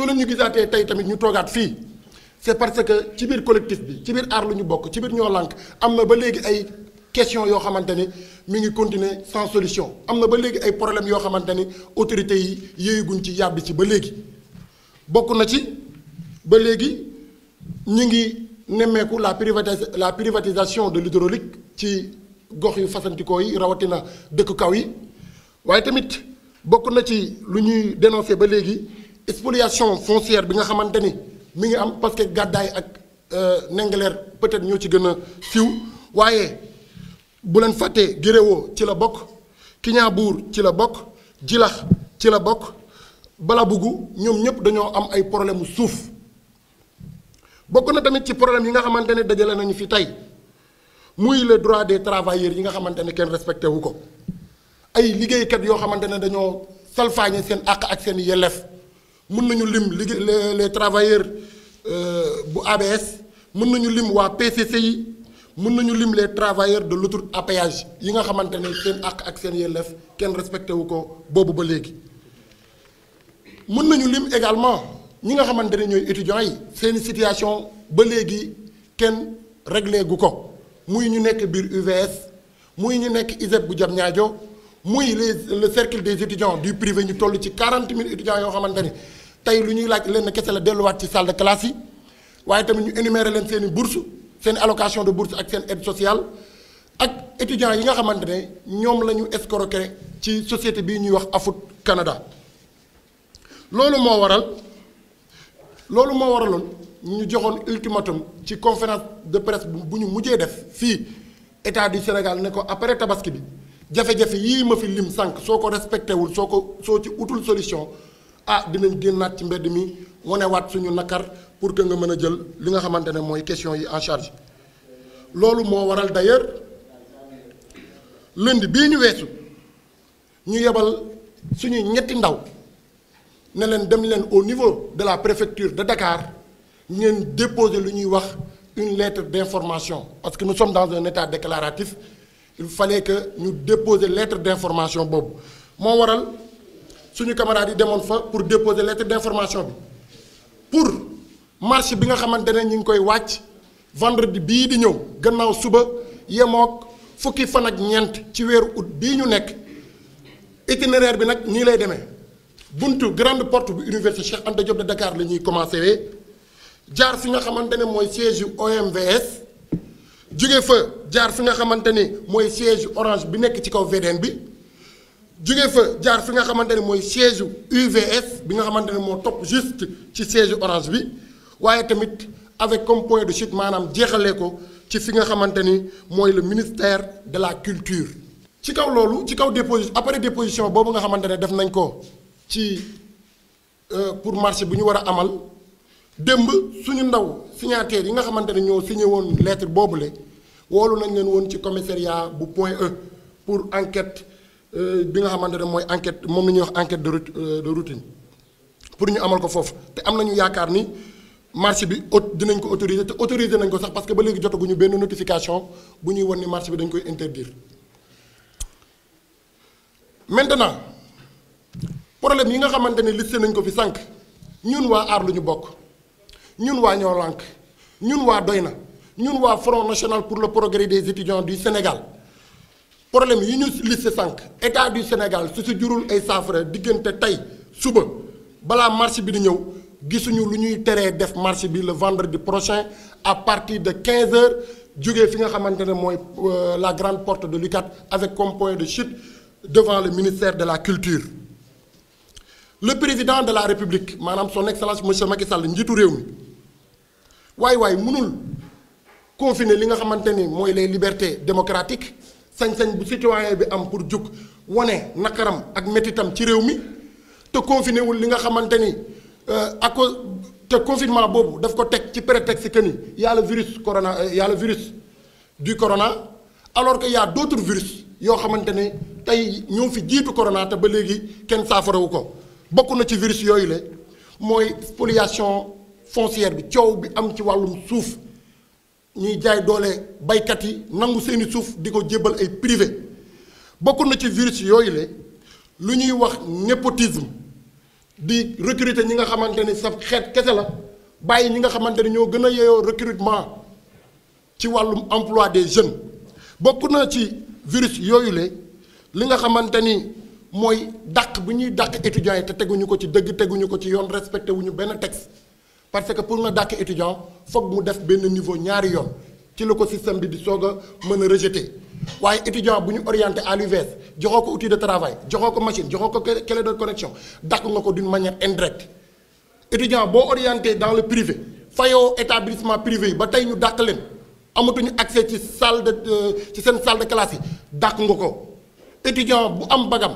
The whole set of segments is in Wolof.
soo leen ñu gisaatee tey tamit ñu toogaat fii c'est parce que ci biir collectif bi ci biir aar lu ñu bokk ci biir ñoo lànk am na ba léegi ay question yoo xamante ni mi ngi continuer sans solution am na ba léegi ay problème yoo xamante ni autorités yi yéeguñ ci yàbbi ci ba léegi bokk na ci ba léegi ñu ngi nemmeeku la privatis la privatisation de l'hydraulique ci gox yu fasantikoo yi rawatina dëkk kaw yi waaye tamit bokk na ci lu ñuy dénoncer ba léegi spoliation foncière bi nga xamante ni mi ngi am parce que gàddaay ak euh, Ndingler peut-être ñoo ci gën a siiw waaye bu leen fàttee Guéréo ci la bokk Kignanbour ci la bokk Djilakh ci la bokk buggu ñoom ñëpp dañoo am ay problème mu suuf bokk na tamit ci problème yi nga xamante ne dajale nañu fi tey muy le droit des travailleurs yi nga xamante ne kenn respecté wu ko ay liggéeykat yoo xamante ne dañoo salfaañe seen àq ak seen yelleef mun nañu lim liggéey les les travailleurs euh, bu ABS mën nañu lim waa PCC yi mën nañu lim les travailleurs de l'autoroute à yi nga xamante ne seen ak ak seen yelleef kenn respecté wu ko boobu ba léegi. mën nañu lim également ñi nga xamante ne ñooy étudiants yi seeni situation ba léegi kenn réglé gu ko muy ñu nekk biir UVS muy ñu nekk ISEP bu Diamniadio muy les le cercle des étudiants du privé ñu toll ci 40 000 étudiants yoo xamante ne. tey lu ñuy laaj lenn kese la delluwaat ci salle de classe yi waaye tamit ñu énumérer leen seeni i seen allocation de bourse ak seen aide sociale ak étudiants yi nga xamante ne ñoom lañu ñu ci société bii ñuy wax AFUT Canada loolu moo waral loolu moo waraloon ñu joxoon ultimatum ci conférence de presse bu ñu mujjee def fii état du Sénégal ne ko après tabaski bi jafe-jafe yii ma fi lim sànq soo ko respecté wul soo ko soo ci utul solution ah dinañ génnaat ci mbedd mi wanewaat suñu nakar pour que nga mën a jël li nga xamante ne mooy question yi en charge loolu moo waral d'ailleurs lundi bii ñu weesu ñu yebal suñuy ñetti ndaw ne leen dem leen au niveau de la préfecture de dakaar ngeen déposer lu ñuy wax une lettre d'information parce que nu sommes dans un état déclaratif il fallait que ñu déposer lettre d'information boobu moo waral. suñu camarades yi demoon fa pour déposer lettre d'information bi pour marche bi nga xamante ne ñu ngi koy wàcc vendredi bii di ñëw gannaaw suba yemook fukki fan ak ñeent ci weeru août bii ñu nekk itinéraire bi nag nii lay demee buntu grande porte bu université Cheikh Anta Diop de Dakar la ñuy commencé jaar fi nga xamante ne mooy siège yu OMVS jóge fa jaar fi nga xamante ni mooy siège orange bi nekk ci kaw VDN bi. jóge fa jaar fi nga xamante ne mooy siège UVS bi nga xamante ne moo topp juste ci siège orange bi waaye tamit avec comme point de chute maanaam jeexalee ko ci fi nga xamante ni mooy le ministère de la culture. ci kaw loolu ci kaw déposition après déposition boobu nga xamante ne def nañ ko ci euh, pour marché bu ñu war a amal démb suñu ndaw signataires yi nga xamante ne ñoo signé woon boobu le woolu nañ leen woon ci commissariat bu point E pour enquête. Euh, bi nga xamante ne mooy enquête moom la ñuy wax enquête de euh, de routine pour ñu amal ko foofu te am nañu yaakaar ni marché bi aut dinañ ko autoriser te autoriser nañ ko sax parce que ba léegi jotaguñu benn notification bu ñuy won ni marché bi dañ koy interdire maintenant problème yi nga xamante ne listé nañ ko fi sànq ñun waa aar lu ñu bokk ñun waa ñoo lànk ñun waa doy na ñun waa front national pour le progrès des étudiants du Sénégal problème yi ñu liste sànq état du Sénégal su si jurul ay saafara diggante tey suba balaa marché bi di ñëw gisuñu lu ñuy teree def marché bi le vendredi prochain à partir de 15 heures jógee fi nga xamante ne mooy euh, la grande porte de l'UCAD avec comme de chute devant le ministère de la culture le président de la république maanaam son excellence monsieur Macky Sall njiitu réew mi waay waay mënul confiner li nga xamante ni mooy les libertés démocratiques sañ-sañ bu citoyen bi am pour jug wane nakaram ak métitam ci réew mi te confiné wul li nga xamante ni euh, à cause te confinement boobu daf ko teg ci prétexte que ni yàlla a virus corona euh, yàlla a le virus du corona alors que yaa a d'autres virus yoo xamante ne tey ñoo fi jiitu corona te ba léegi kenn saafarawu ko bokk na ci virus yooyu la mooy spoliation foncière bi coow bi am ci wàllum suuf. ñuy jaay doole baykat yi nangu seeni suuf di ko jébbal ay privé bokk na ci virus yooyu le lu ñuy wax népotisme di recruter ñi nga xamante ni sa xeet kese la bàyyi ñi nga xamante ni ñoo gën a yeyoo recrutement ci wàllum emploi des jeunes bokk na ci virus yooyu le li nga xamante ni mooy dàq bu ñuy dàq étudiants yi te teguñu ko ci dëgg teguñu ko ci yoon respecté wuñu benn texte parce que pour nga dàq étudiant foog mu def benn niveau ñaari yoon ci la ko système bi di soog a mën a rejeter waaye étudiant bu ñu orienté à l'UVS joxoo ko uti de travail joxoo ko machine joxoo ko clé de connexion dàkk nga ko d'une manière indirecte étudiant boo orienté dans le privé fayoo établissement privé yi ba tey ñu dàkk leen amatuñu accès ci salle de euh, ci seen salle de classe yi dàkk nga ko étudiant bu am bagam.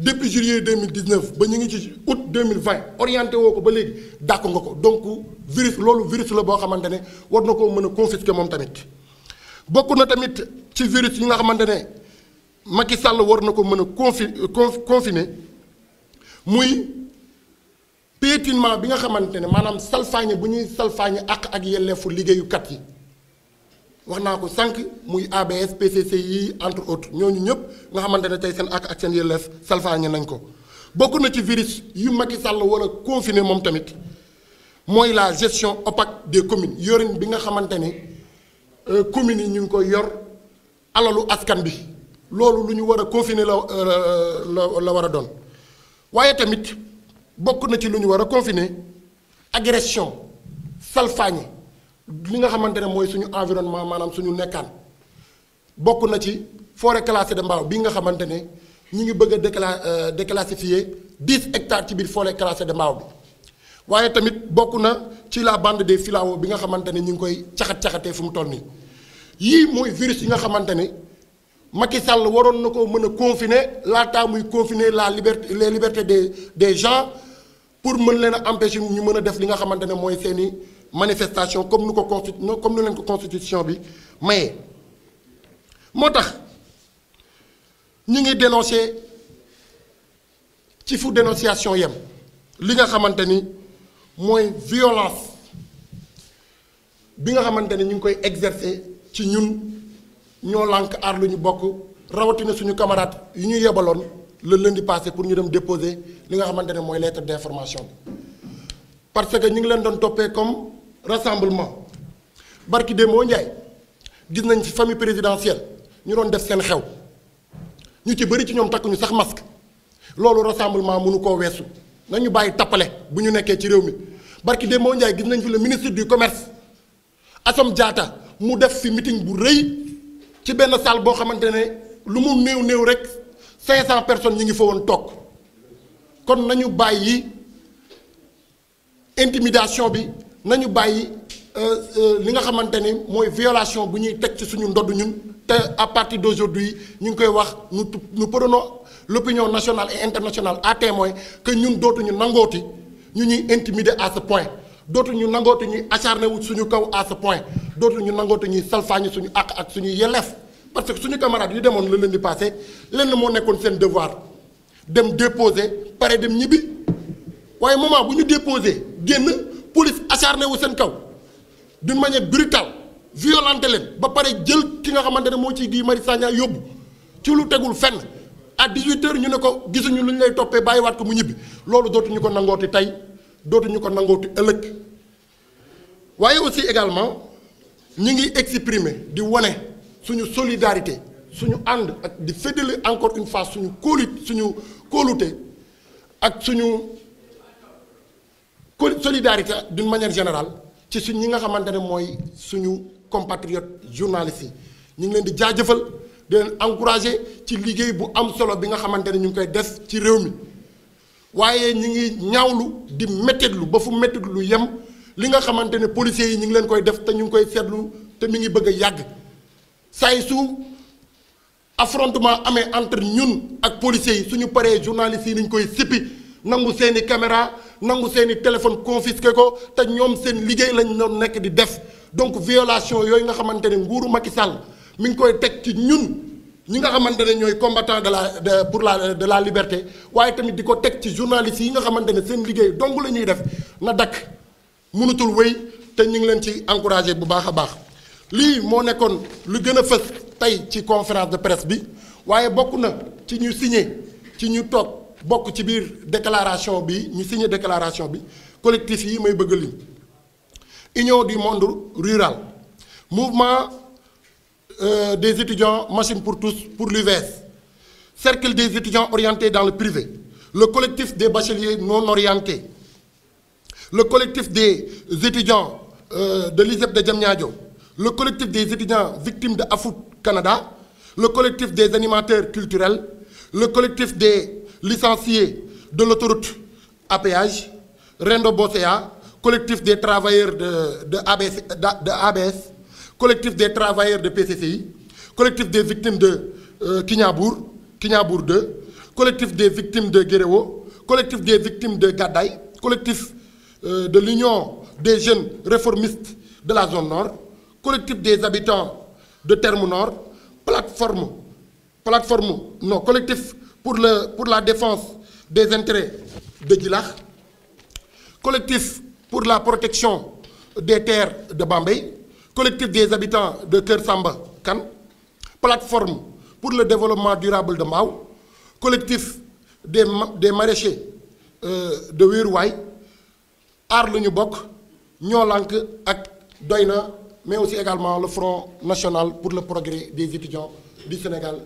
depuis juillet 2019 ba ñu ngi ci août 2020 orienté woo ko ba léegi dàq nga ko donc virus loolu virus la boo xamante ne war na koo mën a confisquer moom tamit bokk na tamit ci virus yi nga xamante ne Macky Sall war na ko mën a confi confiner muy piétinement bi nga xamante ne maanaam salfaañe bu ñuy salfaañe àq ak yelleefu liggéeyukat yi wax naa ko sànq muy ABS PCC yi entre autres ñooñu ñëpp nga xamante ne tey seen ak ak seen yelleef salfaañe nañ ko bokk na ci virus yu yi Sall war a confiner moom tamit mooy la gestion opaque des communes yorin bi nga xamante ne euh, communes yi ñu ngi koy yor alalu askan bi loolu lu ñu war a confiner la euh, la la war a doon waaye tamit bokk na ci lu ñu war a confiner agression salfaañe li nga xamante ne mooy suñu environnement maanaam suñu nekkaan bokk na ci forêt classée de Mbao bi nga xamante ne ñu ngi bëgg a décla euh, déclassifier dix hectares ci biir forêt de Mbao bi waaye tamit bokk na ci la bande des filao bi nga xamante ne ñu ngi koy caxat caxatee fu mu toll nii mooy virus yi nga xamante ne Macky Sall waroon na ko mën a confiner laataa muy confiner la liberté les libertés des des gens pour mën leen a empêcher ñu mën a def li nga xamante ne mooy seen i. manifestation comme nu ko consti comme nu leen ko constitution bi maye moo tax ñu ngi dénoncé ci fu dénonciation yem li nga xamante ni mooy violence bi nga xamante ni ñu ngi koy exercer ci ñun ñoo lànk aar lu ñu bokk rawatina suñu camarade yi ñu yebaloon le di passé pour ñu dem déposer li nga xamante ne mooy lettre d'information bi parce que ñu ngi leen doon toppee comme rassemblement barki Demba Ndiaye gis nañ ci famille présidentielle ñu doon def seen xew ñu ci bëri ci ñoom takkuñu sax masque loolu rassemblement mënu ko weesu nañu bàyyi tappale bu ñu nekkee ci réew mi barki Demba Ndiaye gis nañ fi le ministre du commerce Assome Diatta mu def fi meeting bu rëy ci benn salle boo xamante ne lu mu néew néew rek 500 personnes ñu ngi fa woon toog kon nañu bàyyi intimidation bi. nañu bàyyi euh, euh, li nga xamante ni mooy violation bu ñuy teg ci suñu ndodd ñun te à partir d'aujourd'hui ñu ngi koy wax nous nous prenons l'opinion national et international à témoin que ñun dootuñu nangooti ñu ñuy intimider à ce point dootuñu nangooti ñuy acharné wu suñu kaw à point dootu ñu nangooti ñuy salfaañi suñu àq ak suñu yelleef parce que suñu camarades yu demoon la leen di passé lenn moo nekkoon seen devoir dem déposer pare dem ñibbi waaye moment bu ñu déposer génn. police acharné wu seen kaw d'une manière brutale violenté leen ba pare jël ki nga xamante ne moo ciy gii Marius Sagna yóbbu ci lu tegul fenn à 18h ñu ne ko gisuñu lu ñu lay toppee bàyyi waat ko mu ñibbi loolu dootuñu ko nangooti tey dootuñu ko nangooti ëllëg waaye aussi également ñu ngi exprimer di wane suñu solidarité suñu ànd ak di féddale encore une fois suñu kóolit suñu kóolute ak suñu. solidarité du manière général ci suñ ñi nga xamante ne mooy suñu compatriotes journalistes yi ñu ngi leen di jaajëfal di leen encourager ci liggéey bu am solo bi nga xamante ne ñu ngi koy des ci réew mi waaye ñu ngi ñawlu di mettitlu ba fu lu yem li nga xamante ne policiers yi ñu ngi leen koy def te ñu ngi koy seetlu te mi ngi bëgg a yàgg saay su affrontement amee entre ñun ak policiers yi suñu paree journalistes yi nañ koy sippi nangu seeni caméra nangu seeni i téléphone confisqué ko te ñoom seen liggéey lañ doon nekk di def donc violation yooyu nga xamante ne nguuru Macky sàll mi ngi koy teg ci ñun ñi nga xamante ne ñooy combattant de la de pour la de la liberté waaye tamit di ko teg ci journalistes yi nga xamante ne seen liggéey dong la ñuy def na dakk mënutul wéy te ñu ngi leen ci encouragé bu baax a baax lii moo nekkoon lu gën a fës tey ci conférence de presse bi waaye bokk na ci ñu signé ci ñu toog. bokk ci biir déclaration bi ñu signé déclaration bi collectif yi may bëgg lim union du monde rural mouvement euh, des étudiants machine pour tous pour l'UVS cercle des étudiants orientés dans le privé le collectif des bacheliers non orientés le collectif des étudiants euh, de l'ISEP de Diamniadio le collectif des étudiants victimes de AFUT Canada le collectif des animateurs culturels le collectif des licenciés de l'autoroute à péage Rendo Bosea collectif des travailleurs de de ABS de ABS collectif des travailleurs de PCCI collectif des victimes de euh, Kinyabour Kinyabour 2 collectif des victimes de Guéréo collectif des victimes de Gadaye collectif euh, de l'union des jeunes réformistes de la zone nord collectif des habitants de Terme Nord plateforme plateforme non collectif pour le pour la défense des intérêts de Djilakh collectif pour la protection des terres de Bambey collectif des habitants de Kër Samba kan plateforme pour le développement durable de Mbao collectif des des maraîchers euh, de Wéeruwaay aar lu ñu bokk ñoo lànk ak doy na mais aussi également le Front national pour le progrès des étudiants du Sénégal